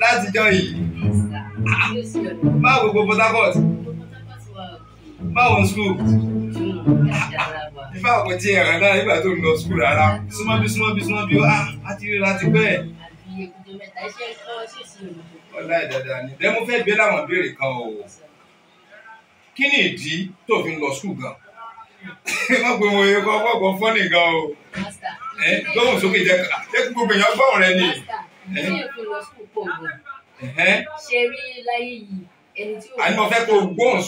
látijọ́ yìí báwo gbogbo Port báwo skul ìfẹ́ àwọn tí ẹ̀rọ náà tó lọ skul rárá súnmọ́ bí súnmọ́ bí súnmọ́ bí ó á ti rí láti pẹ́ ọ̀la ìdàdà ni bẹ́ẹ̀ mo fẹ́ bẹ́ẹ̀ láwọn ìbéèrè kan o kí ni ìdí tó fi ń lọ skul gan-an. má pe wọn yẹn kọ́ ọgbọ́n fọ́ nìkan o o gbóhùn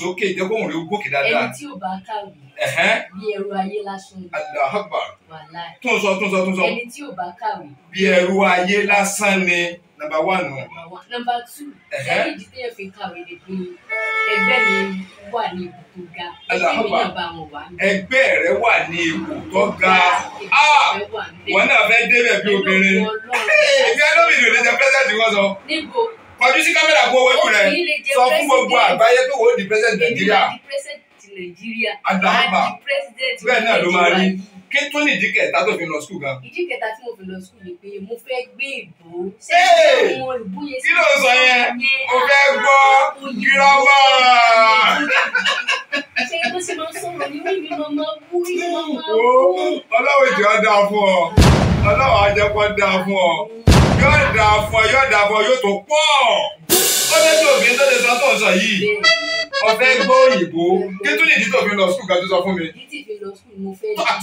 sókè jẹ́ kó òun rí o gòkè dáadáa. ẹni tí ò bá kàwé. bí ẹrù ayé lásán ni. aláhàbà tún sọ tún sọ tún sọ. ẹni tí ò bá kàwé. bí ẹrù ayé nàmbà one nù. nàmbà two ẹni jí tẹ́yẹ̀ fi kàwé de pé ẹgbẹ́ mi wà ní ipò tó ga ẹgbẹ́ mi náà bá wọn wà. ẹgbẹ́ rẹ wà ní ipò tó ga wọn náà fẹ́ débẹ̀ bí obìnrin ẹgbẹ́ lómìnira lè jẹ pẹ́sẹ́ntì wọn sọ kọjú sí kámẹ́rà kó owó jù rẹ sọ fún gbogbo àgbáyé pé wòó di pẹ́sẹ́ntì nàìjíríà àdàmà bẹ́ẹ̀ náà ló máa rí kí tún ní ìdí kẹta tó fi lọ skul gan. ìdí kẹta tí mo fi lọ skul ni pé mo fẹ́ gbé ìbò. ṣé ìbò ìbò yẹn. kí ló sọ yẹn ah, mo fẹ́ gbọ́ gírọ́mọ̀. ṣé bó ṣe máa ń sọ̀rọ̀ ní orí mi máa máa wú ní máa máa wú. ọlọ́wọ́ ìjọ dáa fún ọ ọlọ́wọ́ ajẹ́pọ̀ dáa fún ọ yóò dáa fún ọ yóò dáa fún ọ yóò tó pọ̀ ó lé tó bí tó lè sọ tó yìí ọ̀fẹ́ gbọ́ òyìnbó kí tún nìdí tó fi lọ skul gàdúrà fún mi.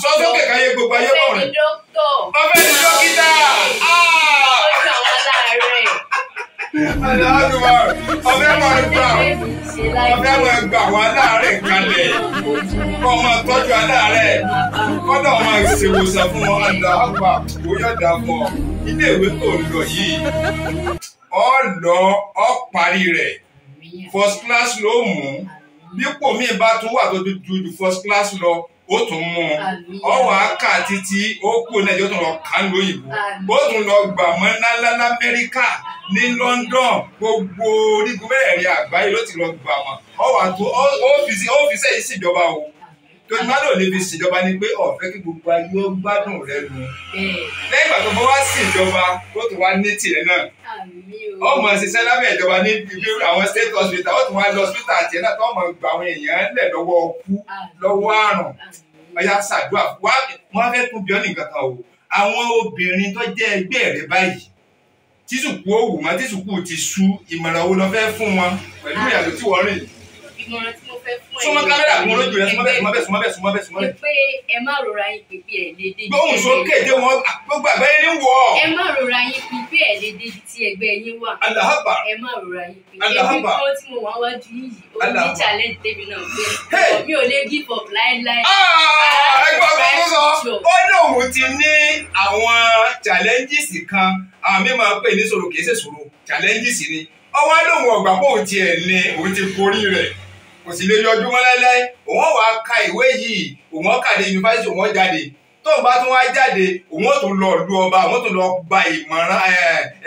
sọ sókè káyé gbogbo ayé bọ̀ rẹ̀. ọ̀fẹ́ ni dókítà. Aláàdùnmá ọ̀fẹ́ mọ̀ gbà ọ̀fẹ́ mọ̀ gbà wá láàárẹ̀ kalẹ̀ kọ́ ọmọ tọ́jú aláàárẹ̀ kọ́dọ̀ ọmọ ìṣèwòsàn fún wọn àdá àgbà òyà dàpọ̀ ilé ìwé tó lọ yìí ọ̀ lọ rẹ̀ first class ló mú dípò míì bá tún wà tó ju first class lọ ó tún mú un ọwọ́ àká títí ó kú nàìjíríà ó tún lọ kàn lóyìnbó ó tún lọ gbà mọ́ ńláńlá lamẹ́ríkà ní London gbogbo orígun mẹ́rẹ̀ẹ̀rin àgbáyé ló ti lọ gbà wọn ọwọ́ àtò ọ́fíìsì yìí ṣèjọba o torí má lò níbi ìṣèjọba ni pé ọ̀fẹ́ kí gbogbo ayé ó gbádùn rẹ nu lẹ́yìn ìgbà tó bá wá sí ìjọba ó tún wá ní tìrẹ náà ọmọ ṣiṣẹ́ lábẹ́ ìjọba ní ibi àwọn state hospital ó tún wá lọ hospital àti ẹ̀dá tó ọmọ gba àwọn èèyàn lẹ̀ lọ́wọ́ ọkú lọ́wọ́ àrùn ọ̀yà ṣàdúrà wá wọn fẹ́ tún bí ọ́ nìkan kan o àwọn obìnrin tó jẹ́ ẹgbẹ́ rẹ báyìí tísùkú òwò mọ́ tísùkú ti sú ìmọ̀ràn wo lọ fẹ́ fún wọn pẹ̀lú ìyàtọ̀ tí wọ́n rìn. ìmọ̀ràn tí súnmọ́ kámẹ́rà kún olójú rẹ súnmọ́ bẹ́ẹ̀ súnmọ́ bẹ́ẹ̀ súnmọ́ bẹ́ẹ̀ súnmọ́ bẹ́ẹ̀ súnmọ́ bẹ́ẹ̀. pé ẹ má rora yín pípé ẹ lé débi. gbóhùn sókè dé wọn gbogbo àgbáyé ní wọ. ẹ má rora yín pípé ẹ lé débi tí ẹgbẹ́ yín wà. alahaba ẹ má rora yín pípé ẹbí kúrò tí mo wá wájú yìí o ní challenge tèmi náà pé mi ò lè give up láéláé. Ah, ẹgbẹ́ ọgbọ́n tó sọ ó lóun ti ní àwọn challenges kan àwọn mímọ pé ní ṣòro kì í ṣèṣòro challenges ni ọwọ́ lóun ọ̀gbà pé òun ti ẹ̀ ní òun ti borí rẹ̀ kò sì lè yọjú mọ́ lẹ́lẹ́ òun wàá ka ìwé yìí òun kàdé yunifásitì òun jáde tóun bá tún wá jáde òun ó tún lọ lu ọba òun ó tún lọ gba ìmọ̀ràn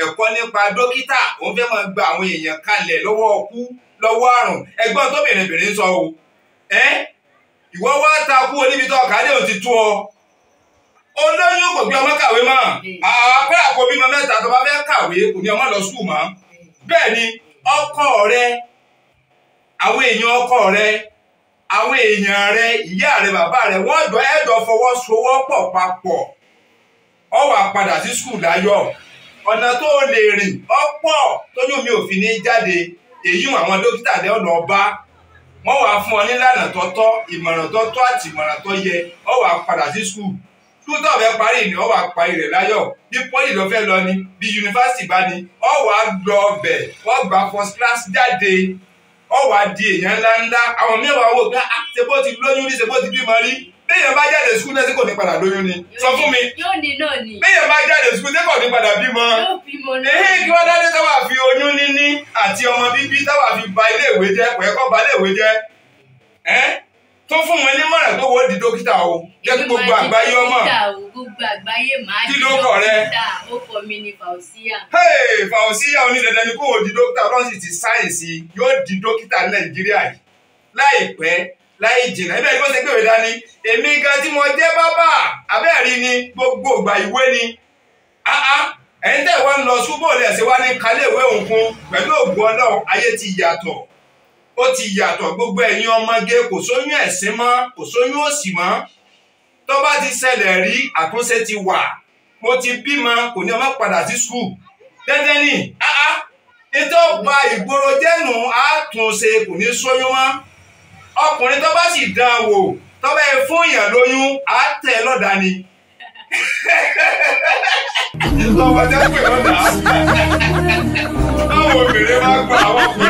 ẹ̀kọ́ nípa dókítà òun fẹ́ máa gba àwọn èèyàn kalẹ̀ lọ́wọ́ ọkú lọ́wọ́ àrùn ẹgbọ́n tóbìnrin bìnrin sọ o ẹ́ ìwọ wá ta kú oníbi tó ọ̀kadé ò ti tú ọ olóyún kò gbé ọmọ kàwé mọ́ àpẹ àkọ́bí mọ́ mẹ́ta tó bá fẹ́ kàwé kò ní ọmọ lọ sùkúù mọ́ bẹ́ẹ̀ ni ọkọ rẹ àwọn èèyàn ọkọ rẹ àwọn èèyàn rẹ ìyá rẹ bàbá rẹ wọ́n jọ ẹjọ fọwọ́sowọ́pọ̀ papọ̀ ọ wà padà sí skul láyọ̀ ọ̀nà tó o lè rìn ọ̀pọ̀ tójú mi ò fi ní jáde èyí àwọn dókítà ní ọ̀nà ọba wọ́n wàá fún ọ nílànà tọ́tọ́ ìmọ̀ràn tọ́tọ́ àti ìmọ̀ràn tó yẹ ọ wàá padà sí skul tútọ̀ fẹ́ parí ni ọ wàá parí rẹ̀ láyọ̀ bí pọ́lì lọ fẹ́ lọ ni bí yunifásitì bá ni ọ wàá lọ ọbẹ̀ wọ́n gba first class jáde ọwọ́ àdì èèyàn ńláńlá àwọn mẹ́wàá wò gán àtẹ̀bó ah, ti lóyún ní ṣèbó ti bímọ rí béèyàn bá jáde sukùl náà sí kò ní padà lóyún ni sọ fún mi béèyàn bá jáde sukùl sí kò ní padà bímọ èyí kí wọ́n dáadé táwa fi oyún níní àti ọmọ bíbí táwa fi ba iléèwé jẹ́ pẹ̀ẹ́kọ́ ba iléèwé jẹ́ ẹ́ tó fún wọn ní mọ̀ràn tó wọ́n di dókítà o jẹ́ kí gbogbo àgbáyé ọmọ gbogbo àgbáyé máa di dókítà ó kọ mi ní fàùsíyà. fàùsíyà oní dandan ni kó o di dókítà ọlọ́run sì ti sáyẹ̀nsì yóò di dókítà nàìjíríà yìí láìpẹ́ láì jìnnà ibẹ̀ ni wọ́n ti gbèrè dání èmi gan tí mo jẹ́ bábà abẹ́rẹ́ ni gbogbo ìgbà ìwé ni ẹ̀yin tẹ̀ wá ń lọ súbọ̀ lẹ̀ ṣe wá ní kálẹ̀ ìwé òǹkun pẹ̀lú òògùn ọlọ́run ayé ti yàtọ̀ ó ti yàtọ̀ gbogbo ẹ̀yin ọmọge kò sóyún ẹ̀sìn mọ́ kò sóyún òṣì mọ́ tó bá ti ṣẹlẹ̀ rí àtúnṣe ti wà mo ti bímọ kò ní ọmọ padà sí skul tẹ́tẹ́ ní áá nítorí ọ̀pá ìgboro jẹ́nu àtúnṣe kò ní sóyún mọ́ ọkùnrin tó bá sì dán wò tó bá yẹ fún èèyàn lóyún àtẹ lọ́dà ni lọ́mọdé pè lọ́dà àwọn obìnrin máa gba àwọn ọkùnrin.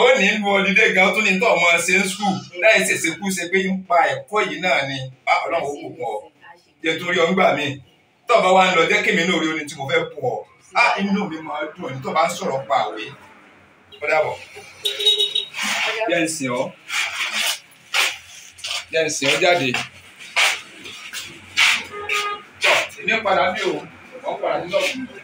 ó ní nbọ dídé gan tó ní tọ́ ọmọ ṣe ń skul láì ṣèṣe kú ṣe pé ń pa ẹ̀kọ́ yìí náà ni ọlọ́run ó kù pọ̀ jẹ́ torí ọ ńgbà míì tọ́ ọba wa ń lọ jẹ́ kémi náà rí orin tí mo fẹ́ pọ̀ á inú mi máa dùn ní tọ́ bá ń sọ̀rọ̀ pa àwé ó dàbọ̀ jẹ́ ń sìn ọ́ jẹ́ ń sìn ọ́ jáde tọ́ èmi padà bí o ọ̀ padà nílọ́ọ̀kùnrin.